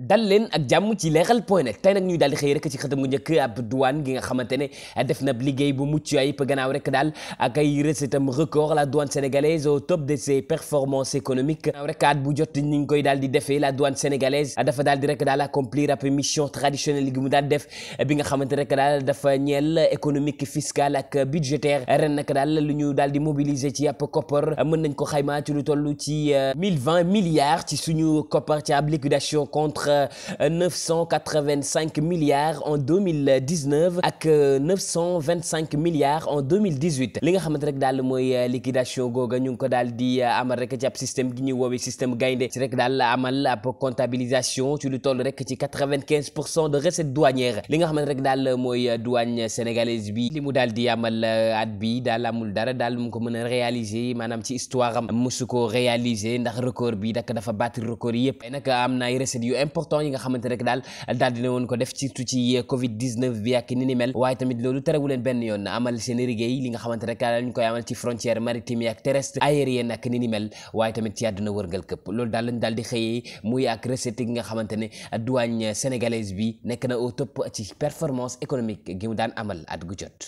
dal leen ak jàmm ci leeral point net tey nag ñuy daal di xëy rek ci xëtam gu njëkk ab douane gi nga xamante ne def na liggéey bu mucc ayib gannaaw rek daal ak ay recette am record la douane sénégalaise au top de ses performances économiques jot ni ñu koy daal di defee la douane sénégalaise dafa daal di rek daal accomplir ab mission traditionnelle gi mu daal def bi nga xamante rek daal dafa ñeel économique fiscale ak budgétaire ren nag daal lu ñu daal di mobiliser ci ab koppar mën nañ ko xayma ci lu toll ci euh, vingt milliards ci suñu koppar ci ab liquidation contre 985 milliards en 2019 ak 925 euh, milliards en 2018 li nga xamante rek daal mooy euh, liquidation googa ñu ngi ko daal di euh, amal rek ci ab système gi ñuy woowee système gaynde ci rek daal amal ab comptabilisation ci lu toll rek ci 95 pour cent de recettes douanières li nga xamante rek daal mooy douane sénégalaise bi li mu daal di amal at bi daal amul dara daal mu ko mën a réaliser maanaam ci histoire am mosu ko réaliser ndax record bi dak dafa battre record yëpp nag am na ay recettes important yi nga xamante rek daal daal dina woon ko def surtout ci covid 19 bi ak ni ni mel waaye tamit loolu terewu leen benn yoon amal seen liggéey li nga xamante rek daal ñu koy amal ci frontière maritime yi ak terrestre aérienne ak ni ni mel waaye tamit ci àdduna wërngal këpp loolu daal lañ daal di xëyee muy ak recette yi nga xamante ne sénégalaise bi nekk na au top ci performance économique gi mu daan amal at gu jot